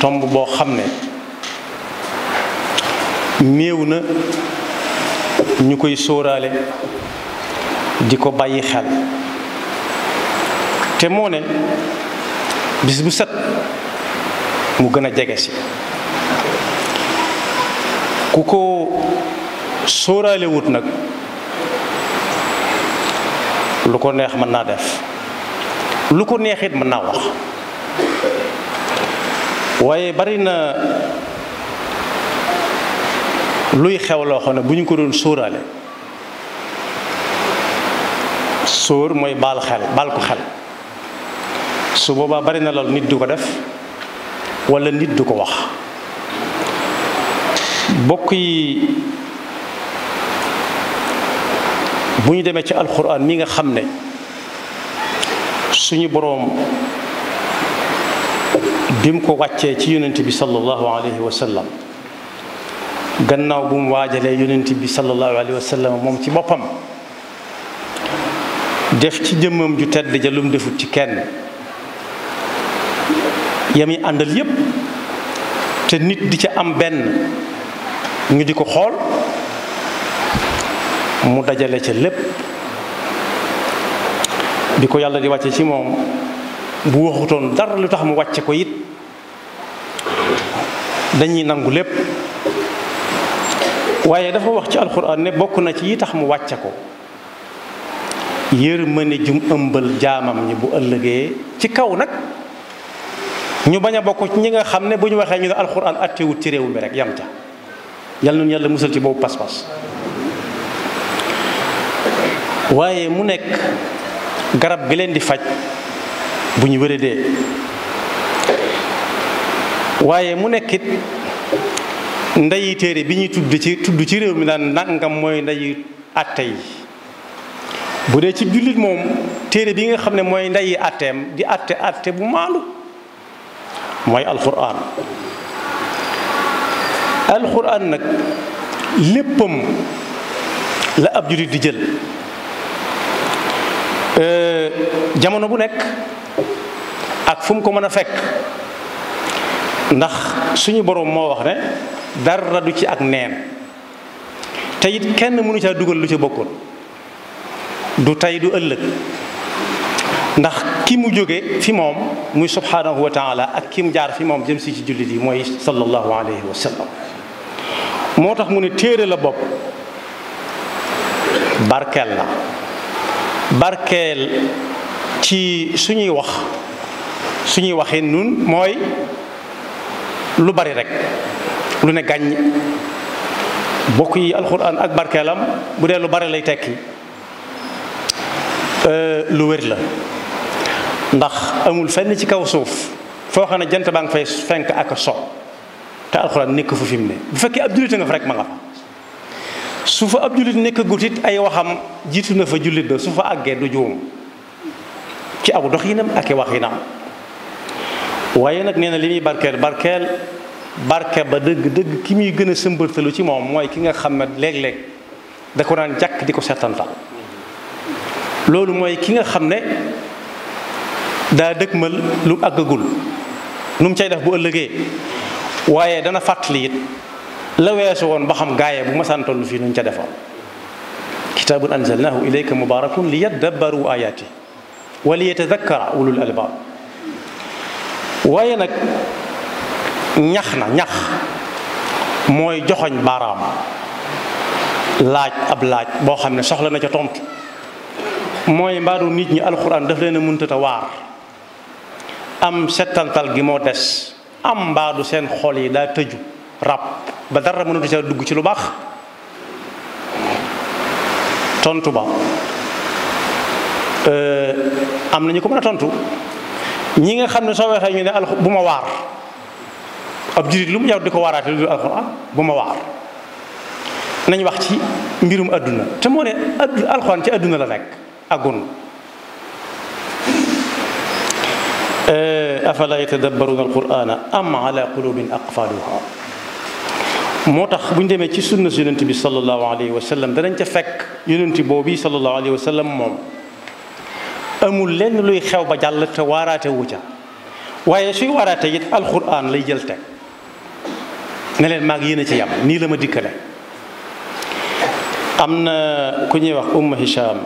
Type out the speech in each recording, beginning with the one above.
tomb boo xam ne néew na ñu koy sóoraale di ko bàyyi xel te moo ne bis bu set mu gën a jege si ku ko sóoraale nag lu ko neex mën naa def lu ko neexit mën naa wax waaye bari na luy xew loo xam ne bu ñu ko doon sóoraale sóor mooy baal xel baal ko xel su boobaa bari na lool nit du ko def walla nit du ko wax bokk yi bu ñu demee ci alxuraan mi nga xam ne suñu boroom bi mu ko wàccee ci yonent bi sallallahu alayhi wa sallam gannaaw bu mu waajalee yonent bi sallallahu alayhi wa sallam moom ci boppam def ci jëmmam ju tedd ja lum defut ci kenn yami àndal yépp te nit di ca am benn ñu di ko xool mu dajale ca lépp bi ko yàlla di wàcce ci moom bu waxutoon dara lu tax mu wàcce ko it dañuy nangu lépp waaye dafa wax ci alxuraan ne bokk na ci yi tax mu wàcce ko yërmande jum ëmbal jaamam ñi bu ëllëgee ci kaw nag ñu bañ a bokk ci ñi nga xam ne bu ñu waxee ñu ne alxuraan attewut ci réew mi rek yam ca yal nañu yàlla musal ci boobu pas-pas waaye mu nekk garab gi leen di faj bu ñu wéradee waaye mu nekkit ndeyi téere bi ñuy tudd ci tudd ci réew mi daan nangam mooy ndeyi atte yi bu dee ci jullit moom téere bi nga xam ne mooy ndeyi atteem di atte atte bu maalu mooy alquran alquran nag léppam la ab jullit di jël euh, jamono bu nekk ak fu mu ko mën a fekk ndax suñu boroom moo wax ne dara du ci ak neen te it kenn mënu caa dugal lu ci bokkul du tey du ëllëg ndax ki mu jóge fi moom muy subhanahu wa taala ak ki mu jaar fi moom jëm si ci jullit yi mooy sallallahu alayhi wa sallam moo tax mu ne téere la bopp barkeel la barkeel ci suñuy wax suñuy waxee nun mooy lu bari rek lu ne gàññ bokk yi alxuraan ak barkeelam bu dee lu bari lay tekki euh, lu wér la ndax amul fenn ci kaw suuf foo xam ne jant baa nga fay fenk ak so te alxuraan nekk fu fi ne bu fekkee ab jullit nga fa rek ma nga su fa ab jullit nekk gutit ay waxam jiitu na fa jullit ba su fa àggee du juum ci aw doxinam ak i waxinam waaye nag nee li muy barkeel barkeel ba dëgg dëgg ki muy gën a sëmbartalu ci moom mooy ki nga xam ne léeg-léeg da ko naan jàkk di ko seetantal loolu mooy ki nga xam ne daa dëgmal lu mu àggagul nu mu cay def bu ëllëgee waaye dana fàttali it la weesu woon ba xam gaaye bu ma toll fii nu ñu ca defoon kitaabun anzalnahu ilayka mubarakun li yadabbaru ayaati wa li yatadakkara ulul albaab waaye nag ñax na ñax mooy joxoñ baaraam laaj ab laaj boo xam ne soxla na ca tont mooy mbaadu nit ñi alxuraan daf leen a muntata waar am settantal gi moo des am mbaadu seen xol yi daa tëju rab ba dara mënatu ca dugg ci lu baax tontu ba euh, am na ñu ko mën a tontu ñi nga xam ne soo waxee ñu ne al bu ma waar ab jullit lu mu yow di ko waaraate lu dul alxuraan bu ma waar nañ wax ci mbirum adduna te moo ne alxuraan ci adduna la nekk agun afala yatadabbaruna alqurana am ala qulubin aqfaluha moo tax bu ñu demee ci sunna si yonent bi sallallahu alayhi wa sallam danañ ca fekk yonent boobu sallallahu alayhi wa sallam moom amul lenn luy xew ba jàll te waaraate wu ca waaye suy waaraate it alxuraan lay jël teg ne leen maag yéen ci yam nii la ma dikkale am na ku ñuy wax umma hisham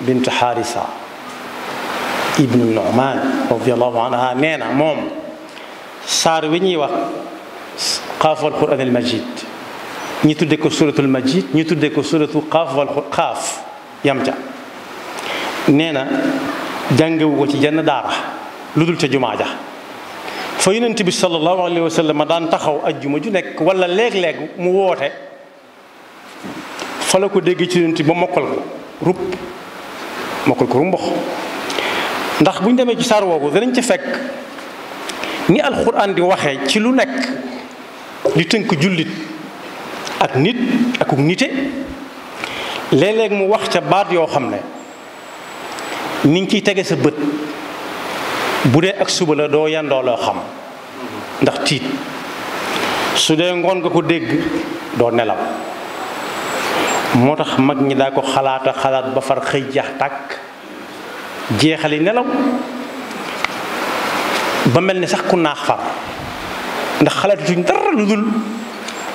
bint xaarisa ibnu nu'man radiallahu anha nee na moom saar wi ñuy wax qaaf wal quraan al majid ñi tudde ko suratul majid ñi tudde ko suratu qaaf wal qaaf yam ca nee na jàngewu ko ci jenn daara lu dul ca jumaa ja fa yonent bi sallallahu wa wa sallam daan taxaw juma ju nekk wala léeg-léeg mu woote fa la ko dégg ci yonent ba mokkal ko rup mokkal ko rumbox ndax bu ñu demee ci saar woowu danañ ci fekk ni alxuraan di waxee ci lu nekk di tënk jullit ak nit akuk nite léeg-léeg mu wax ca baat yoo xam ne ni nga ciy tege sa bët bu dee ak suba la doo yendoo loo xam ndax tiit su dee ngoon nga ko dégg doo nelaw moo tax mag ñi daa ko xalaata xalaat ba far xëy jax tàkk jeexali nelaw ba mel ni sax ku naax far ndax xalaatuñ dara lu dul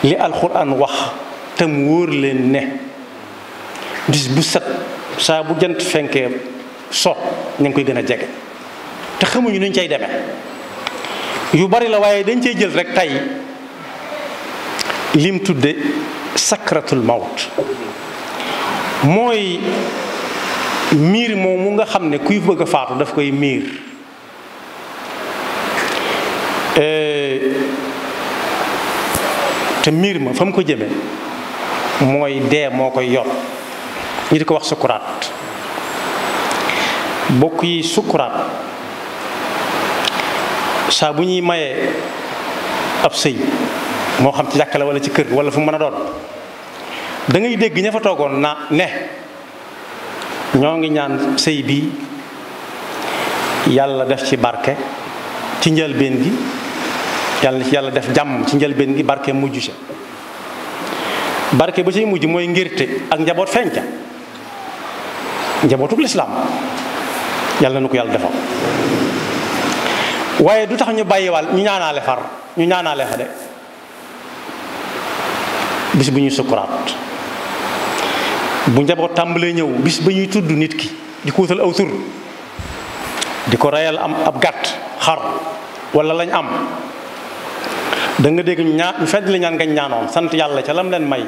li alxuraan wax tam wóor leen ne bis bu set saa bu jant fenkee so ñu ngi koy gën a jege te xamuñu nuñ cay demee yu bari la waaye dañ cay jël rek tey lim tudde sakratul mawt mooy miir moomu nga xam ne kuy bëgg a faatu daf koy miir eh, te miir ma fa mu ko jëme mooy dee moo koy yor ñu di ko wax sukuraat bokk yi sukkuraat saa bu ñuy mayee ab sëy moo xam ci jàkkale wala ci kër wala fu mën a doon dangay dégg ña fa toogoon na ne ñoo ngi ñaan sëy bi yàlla def ci barke ci njëlbeen gi yàlla ci yàlla def jàmm ci njëlbeen gi barke mujj si barke ba ciy mujj mooy ngirte ak njaboot feeñ ca njabootuk lislaam yàlla na ko yàlla defal waaye du tax ñu bàyyiwaal ñu ñaanaale far ñu ñaanaale fa de bis bu ñuy sukkuraat bu njaboot tàmbalee ñëw bis ba ñuy tudd nit ki di ko wutal aw tur di ko reyal am ab gàtt xar wala lañ am da nga dégg ñu ñaan ñu fedd li ñaan ngañ ñaanoon sant yàlla ca lam leen may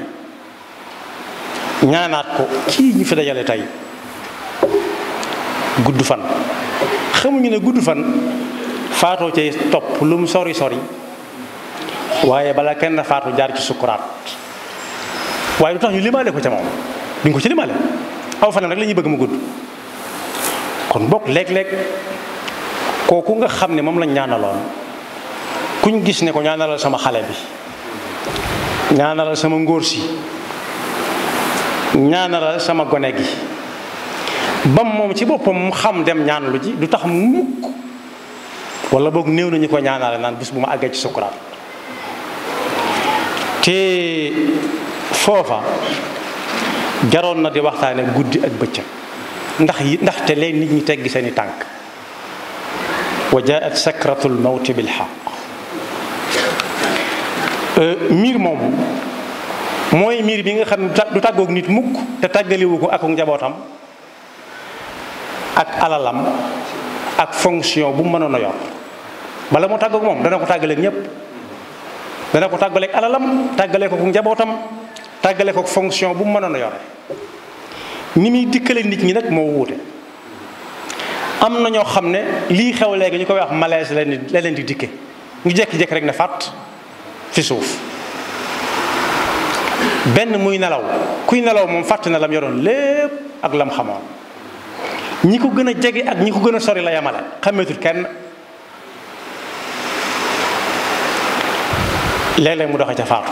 ñaanaat ko kii ñu fi tey gudd fan xamuñu ne gudd fan faatoo cay topp lu mu sori sori waaye balaa kenn faatu jaar ci sukkuraat waaye du tax ñu limaale ko ca moom duñ ko ci limaale aw fanam rek la bëgg mu gudd kon bokk léeg-léeg kooku nga xam ne moom lañ ñaanaloon kuñ gis ne ko ñaanalal sama xale bi ñaanalal sama ngóor si ñaanalal sama gone gi ba moom ci boppam mu xam dem ñaan lu ji du tax mu mukk wala boog néew nañu ko ñaanaale naan bis bu ma àggee ci sukkuraat te foofa jaroon na di waxtaane guddi ak bëccëg ndax yi ndaxte leen nit ñi teggi seeni tànk wa jaat sakratul mawti bil xaq euh, miir moomu mooy miir bi nga xam ne du tàggoog nit mukk te tàggaliwu ko ak njabootam ak alalam ak fonction bu mu mënoon a yor bala mu tàgg moom dana ko tàggaleeg ñëpp dana ko tàggaleeg alalam tàggale ko ku njabootam tàggale ko fonction bu mu mënoon a yore ni muy dikkale nit ñi nag moo wuute am na ñoo xam ne lii xew léegi ñu koy wax malaise la leen di dikke ñu jékki-jékki rek ne fàtt ci suuf benn muy nelaw kuy nelaw moom fàtt na lam yoroon lépp ak lam xamoon ñi ko gën a jege ak ñi ko gën a sori la yamale xàmmeetul kenn léeg mu doxe ca faatu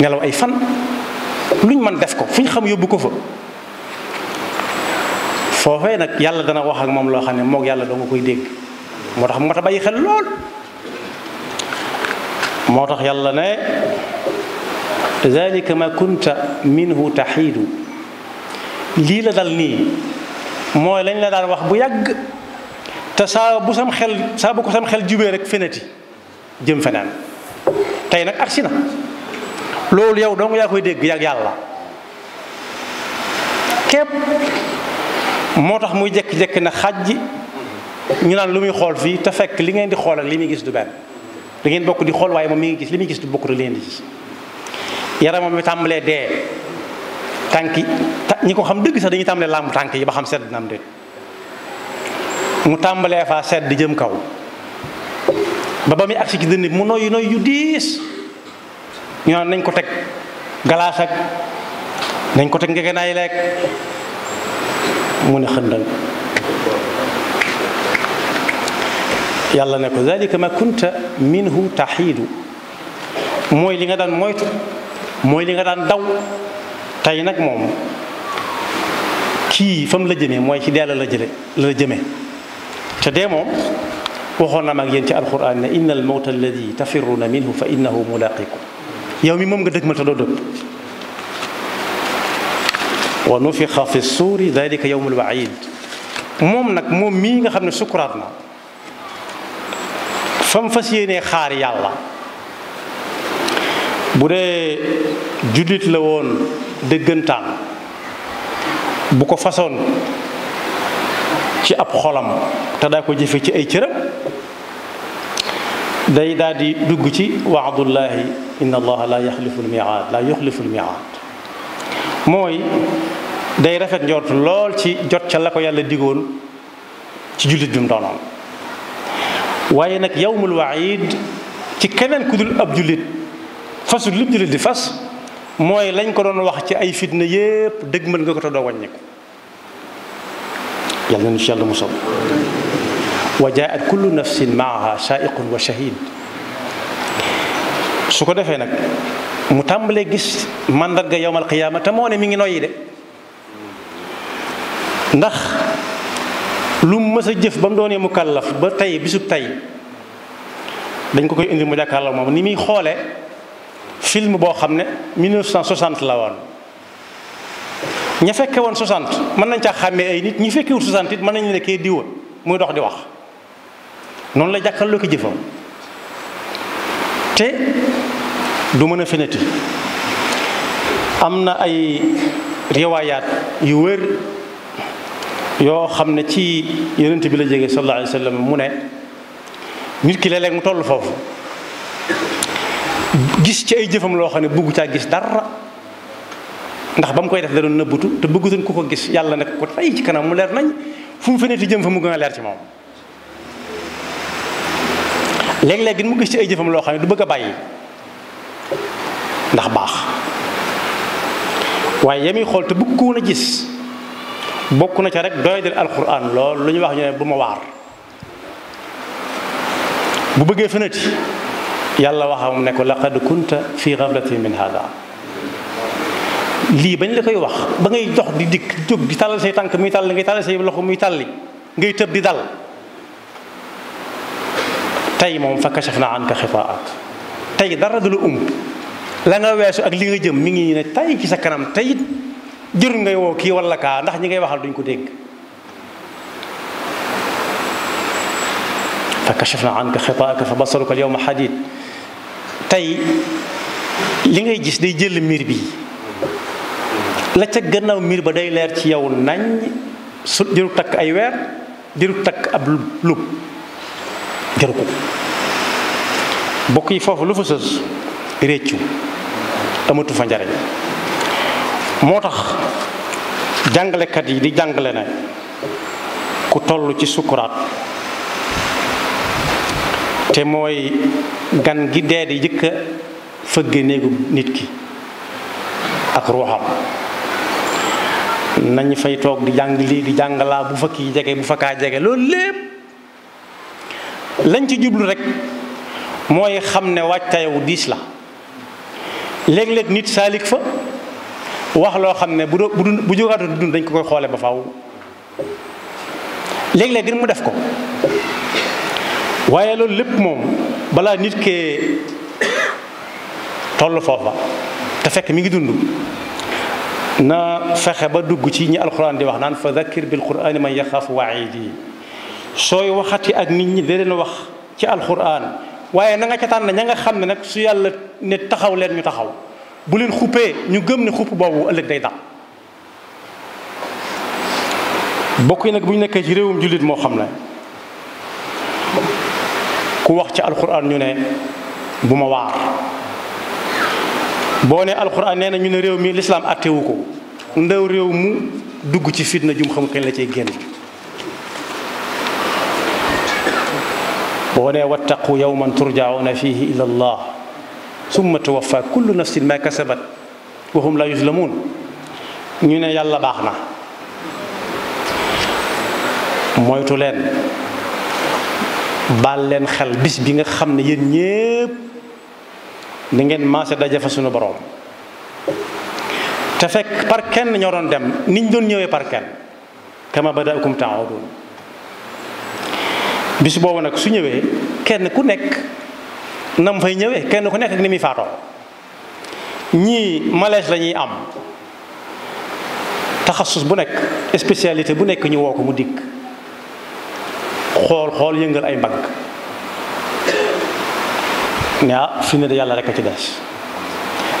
nelaw ay fan luñ mën def ko fu ñu xam yóbbu ko fa foofee nag yàlla dana wax moom loo xam ne moog yàlla doo nga koy dégg moo tax moo tax bàyyi xel lool moo tax yàlla ne zalika ma kunta minhu taxiidu lii la dal nii mooy lañ la daan wax bu yàgg te saa bu sam xel saa bu ko sam xel jubee rek feneti jëm feneen tey nag agsi na loolu yow dong yaa koy dégg yàgg yàlla képp moo tax muy jékki-jékki na xaj ñu naan lu muy xool fii te fekk li ngeen di xool ak li muy gis du benn da ngeen bokk di xool waaye moom mi ngi gis li muy gis du bokk rek leen ngeen di gis yaramam bi tàmbalee dee tànki ñi ko xam dëgg sax dañuy tàmbalee làmb tànk yi ba xam sedd na am déet mu tàmbalee faa sedd jëm kaw ba ba muy agsi ci dënn mu noyyi noyyi yu diis ñu nañ ko teg galaas ak ko teg ngegenaay lekk mu ne xëndal yàlla ne ko zalika ma kunta minhu taxiidu mooy li nga daan moytu mooy li nga daan daw tey nag moom kii fa la jëmee mooy ci dee la la jële la jëmee te dee moom waxoon na ma ak yéen ci alquran ne inna al mawta alladi minhu fa innahu mulaqikum yow mi moom nga dëgmal te doo dëpp wa nufixa fi suuri dalika yowmul waid moom nag moom mii nga xam ne sukuraat na fa mu fas yéenee xaar yàlla bu dee jullit la woon dëggantaan bu ko fasoon ci ab xolam te daa ko jëfe ci ay cëram day daal di dugg ci waadullahi inna allaha laa yaxlifu lmiaad laa mooy day rafet njort lool ci jot ca la ko yàlla digoon ci jullit bi mu doonoon waaye nag yowmul waid ci keneen ku dul ab jullit fasul lu jullit di fas mooy lañ ko doon wax ci ay fitna yépp dëgg mën nga ko te doo wàññeeku yàlla nañu ci yàlla musal wa jaat kullu nafsin maaha saaiqun wa shahid su ko defee nag mu tàmbalee gis màndarga yowmal qiyaama te moo ne mi ngi noyyi de ndax lu mu mës a jëf ba mu doonee mu kàllaf ba tey bisub tey dañ ko koy indi mu jàkkaarloo moom ni muy xoole film boo xam ne 1960 la woon ña fekke woon 60 mën nañ caa xàmmee ay nit ñi fekkewul 60 it mën nañu ne kee diwa muy dox di wax noonu la jàkkaarloo ko jëfam te du mën a feneti am na ay riwaayaat yu wër yoo xam ne ci yonent bi la jege sallallahu alayhi wa mu ne nit ki léeg mu toll foofu gis ci ay jëfam loo xam ne bëggu caa gis dara ndax ba mu koy def da doon nëbbutu te bëggutoon ku ko gis yàlla nag ko tey ci kanam mu leer nañ fu mu feneti jëm fa mu gën a leer ci moom léeg-léeg mu gis ay jëfam loo xam ne du bëgg a bàyyi ndax baax waaye yemi xool te bëgg ko gis bokk na ca rek doy del alquran lool lu ñu wax ñu ne bu ma waar bu bëggee feneti yàlla waxam ne ko laqad kunta fi gaflatin min hada lii bañ la koy wax ba ngay jox di dikk jóg di tàllal say tànk muy tàlli ngay tàllal say loxo muy tàlli ngay tëb di dal tey moom fa kashaf na anka xifaak tey dara du la um la nga weesu ak li nga jëm mi ngi ne tey ci sa kanam tey it ngay woo kii walla kaa ndax ñi ngay waxal duñ ko dégg fa kashafna anka xitaaka fa basaruka al yawma xadid tey li ngay gis day jël miir bi la ca gannaaw miir ba day leer ci yow nañ su jëru takk ay weer jëru takk ab lub jëru bokk yi foofu lu fa sës réccu amatu fa njariñ moo tax jàngalekat yi di jàngale na ku toll ci sukuraat te mooy gan gi dee di jëkka fëgg néegu nit ki ak ruuxam nañ fay toog di jàng lii di jàngalaa bu fa kii jege bu fa kaa jege loolu lépp lañ ci jublu rek mooy xam ne waajtayawu diis la léeg-léeg nit saalik fa wax loo xam ne bu do bu dund bu jógaatu dund dañ ko koy xoole ba faw léeg-léeg ngir mu def ko waaye loolu lépp moom balaa nit kee toll foofa te fekk mi ngi dund na fexe ba dugg ci ñi alxuraan di wax naan fa dhakkir bil qur'aani man yaxaafu wa'iidi sooy waxati ak nit ñi da leen wax ci alxuraan waaye nanga nga na tànn ña nga xam ne nag su yàlla ne taxaw leen ñu taxaw bu leen xuppee ñu gëm ne xupp boobu ëllëg day dal bokk yi nag bu ñu nekkee ci réewum jullit moo xam na ku wax ci alquran ñu ne bu ma waar boo ne alquran nee na ñu ne réew mi lislaam attewu ko ndaw réew mu dugg ci fitna jum xam kañ la cay génn boo ne wattaqu yawman turjauna fihi ila allah summa tuwaffa kullu nafsin ma kasabat wa la yuzlamun ñu ne yàlla baax na moytu leen baal leen xel bis bi nga xam ne yéen ñépp da ngeen maase daje fa suñu boroom te fekk par kenn ñoo doon dem niñ doon ñëwee par kenn kama badaakum ta'udun bis boobu nag su ñëwee kenn ku nekk nam fay ñëwee kenn ku nekk ak ni muy faatoo ñii malaise lañuy ñuy am taxasus bu nekk spécialité bu nekk ñu woo ko mu dikk xool xool yëngal ay mbagg ne ah fi ne de yàlla rek ci des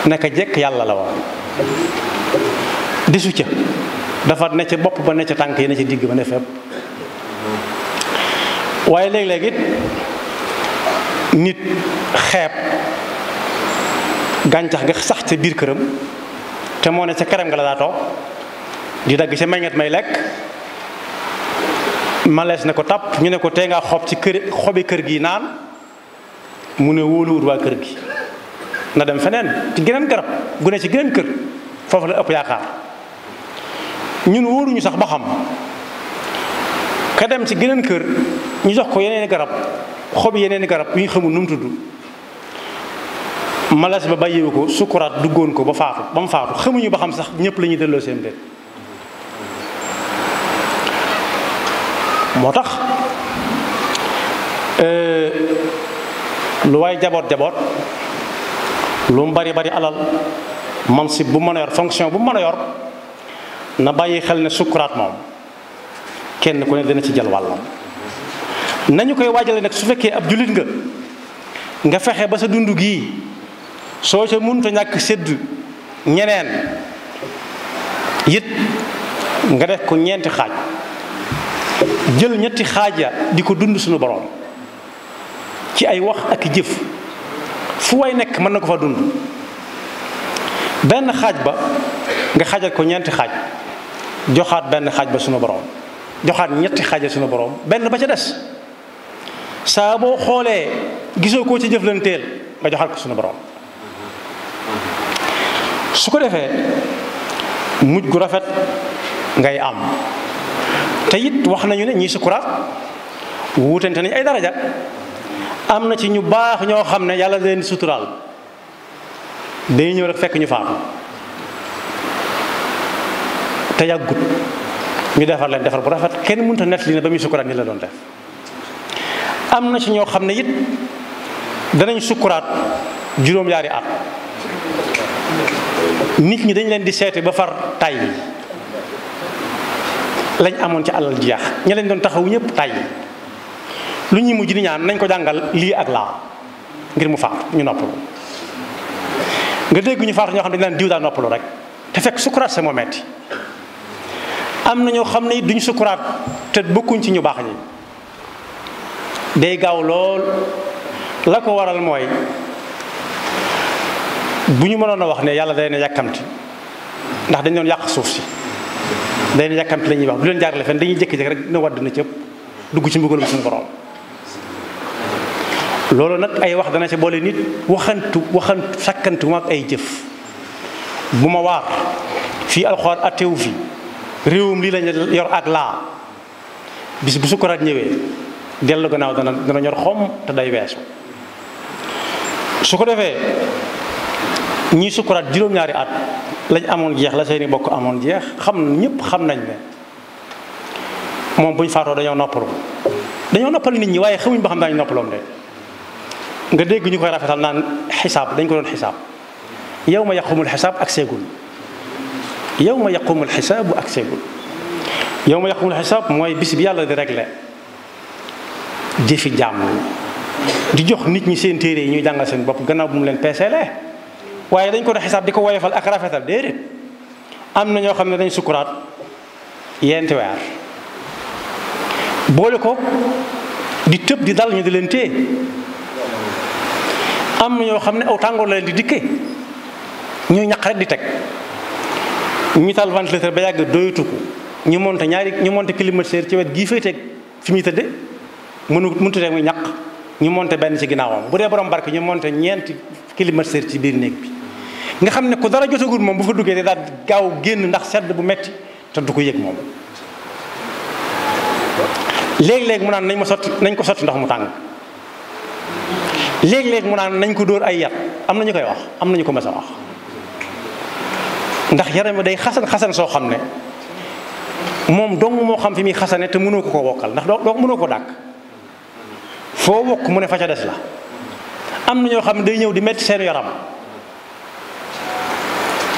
naka jekk yàlla la woon disu ca dafa ne bopp ba ne ca tànk yi ne ca digg ba ne fépp waaye léeg-léeg nit xeeb gàncax ga sax ca biir këram te moo ne ca këram nga la daa di dagg ca meññet may lekk malees ne ko tàpp ñu ne ko tee ngaa xob ci kër xobi kër gii naan mu ne wóoluwut waa kër gi na dem feneen ci geneen garab gu ne ci geneen kër foofu la ëpp yaakaar ñun wóoruñu sax ba xam ka dem ci geneen kër ñu jox ko yeneen garab xobi yeneen garab yu ñu xamul nu mu tudd malees ba bàyyiwu ko sukuraat duggoon ko ba faatu ba mu faatu xamuñu ba xam sax ñëpp la ñuy delloo seen déet moo tax euh, lu waay jaboot jaboot lu mu bari bari alal mansib bu mën a yor fonction bu mën a yor na bàyyi xel ne sukkuraat moom kenn ku ne dina ci jël wàllam nañu koy waajale nag su fekkee ab jullit nga nga fexe ba sa dund gii soo ca mënut a ñàkk sédd ñeneen it nga def ko ñeenti xaaj jël ñetti xaaj xaaja di ko dund suñu borom ci ay wax ak jëf fu way nekk mën na ko fa dund benn xaaj ba nga xaajal ko ñeenti xaaj joxaat benn xaaj ba sunu borom joxaat ñetti xaaja suñu boroom benn ba ca des saa boo xoolee gisoo koo ci jëflanteel nga joxaat ko suñu boroom su ko defee mujj gu rafet ngay am tey it wax nañu ne ñi sukuraat wuutante nañ ay daraja am na ci ñu baax ñoo xam ne yàlla leen suturaal day ñëw rek fekk ñu faatu te yàggut ñu defar leen defar bu rafet kenn mënut a li ne ba muy sukuraat la doon def am na ci ñoo xam ne it danañ sukuraat juróom nit ñi dañ leen di seete ba far taay bi lañ amoon ci alal ji yàq ña leen doon taxaw ñëpp tay lu ñuy mujj di ñaan nañ ko jàngal lii ak laa ngir mu faatu ñu noppalu nga dégg ñu faatu ñoo xam ne dañ naan diw daa noppalu rek te fekk sukuraat sa moo metti am na ñoo xam ne duñ sukuraat te bokkuñ ci ñu baax ñi day gaaw lool la ko waral mooy bu ñu mënoon a wax ne yàlla day ne yàkkamti ndax dañ doon yàq suuf si day yàkkamti la ñuy wax du leen jaarale fen dañuy jékki-jékki rek dina wadd na cëpp dugg ci mbugalum suñu borom loolu nag ay wax dana ci boole nit waxantu waxantu sakkantu ay jëf bu ma waar fii alxuraan atewu fi réewum lii lañ yor ak laa bis bu sukkuraat ñëwee dellu gannaaw dana dana ñor xom te day weesu su ko defee ñii sukkuraat juróom-ñaari at lañ amoon jeex la seeni bokk amoon jeex xam ñëpp xam nañ ne moom buñ faatoo dañoo noppalu dañoo noppal nit ñi waaye xamuñ ba xam daañu noppaloom de nga dégg ñu koy rafetal naan xisaab dañ ko doon xisaab yow ma yaqumul xisaab ak seegul yow ma yaqumul xisaabu ak yow ma yaqumul xisaab mooy bis bi yàlla di réglé jëfi jàmm di jox nit ñi seen téere ñuy jàngal seen bopp gannaaw bu mu leen peeselee waaye dañ ko doon xisaab di ko woyofal ak rafetal déedéet am na ñoo xam ne dañ sukkuraat yenti weer boole ko di tëb di dal ñu di leen téye am na ñoo xam ne aw tàngoor la leen di dikke ñuy ñaq rek di teg ñu taal ventilateur ba yàgg doyatu ko ñu monte ñaari ñu monte climatiseur ci wet gii fa teg fi muy tëdde mënu mënutu teg muy ñaq ñu monte benn ci ginnaawam bu dee borom barke ñu monte ñeenti climatiseur ci biir néeg bi nga xam ne ku dara jotagul moom bu fa duggee daal gaaw génn ndax sedd bu metti te du ko yëg moom léeg-léeg mu naan nañ ma sotti nañ ko sotti ndox mu tàng léeg mu naan nañ ko dóor ay yat am na ñu koy wax am na ñu ko mës a wax ndax yaram day xasan xasan soo xam ne moom dong moo xam fi muy xasane te mënoo ko ko wokkal ndax doo mënoo ko dàkk foo wokk mu ne fa ca des la am na ñoo xam ne day ñëw di metti seen yaram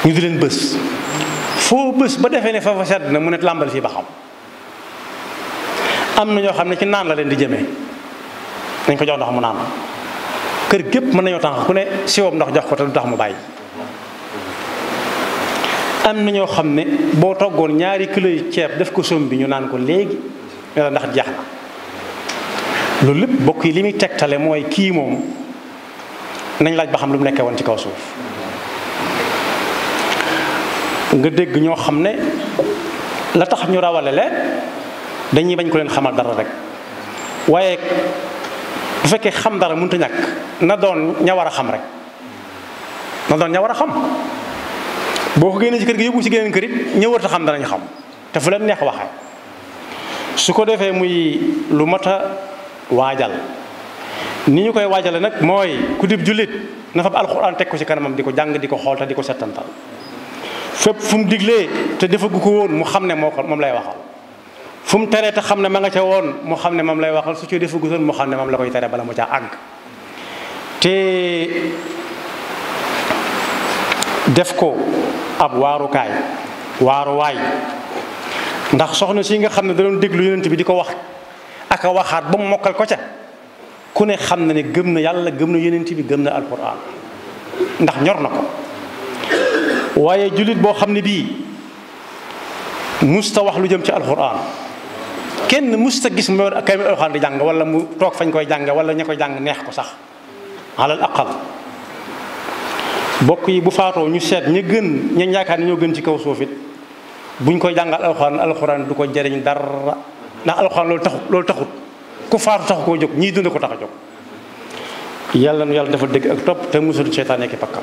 ñu di leen bës foo bës ba defee ne fa fa sedd na mu ne làmbal fii ba xam am na ñoo xam ne ci naan la leen di jëmee dañ ko jox ndox mu naan kër gépp mën nañoo tànk ku ne siwoom ndox jox ko te du tax mu bàyyi am na ñoo xam ne boo toggoon ñaari kilo yu ceeb def ko som bi ñu naan ko léegi nga ndax jeex na loolu lépp bokk yi li muy tegtale mooy kii moom nañ laaj ba xam lu mu nekkee woon ci kaw suuf nga dégg ñoo xam ne la tax ñu rawale leen dañuy bañ ko leen xamal dara rek waaye bu fekkee xam dara mënut a ñàkk na doon ña war a xam rek na doon ña war a xam boo ko génnee ci kër gi yóbbu ci geneen kër it xam a xam xam te fu leen neex waxee su ko defee muy lu mat a waajal ni ñu koy waajale nag mooy ku dib jullit na fa alxuraan teg ko ci kanamam di ko jàng di ko xool di ko settantal fépp fu mu diglee te defagu ko woon mu xam ne ko moom lay waxal fu mu teree te xam ne ma nga ca woon mu xam ne moom lay waxal su ci defagu woon mu xam ne moom la koy tere bala mu caa àgg te def ko ab waarukaay waaruwaay ndax soxna si nga xam ne da doon déglu yonent bi di ko wax ak waxaat ba mu mokkal ko ca ku ne xam na ne gëm na yàlla gëm na yonent bi gëm na alquran ndax ñor na ko waaye jullit boo xam ne bii musta wax lu jëm ci alxuraan kenn musta gis mu yor kay alxuraan di jàng wala mu toog fañ koy wala ña koy jàng neex ko sax alal aqal yi bu faatoo ñu seet ña gën ña yaakaar ne ñoo gën ci kaw suuf buñ koy jàngal alxuraan alxuraan du ko jëriñ dara ndax alxuraan loolu taxut loolu taxut ku faatu tax koo jóg ñii dund ko tax a jóg yàlla nu yàlla dafa dégg ak topp te musul seytaane ki pakkam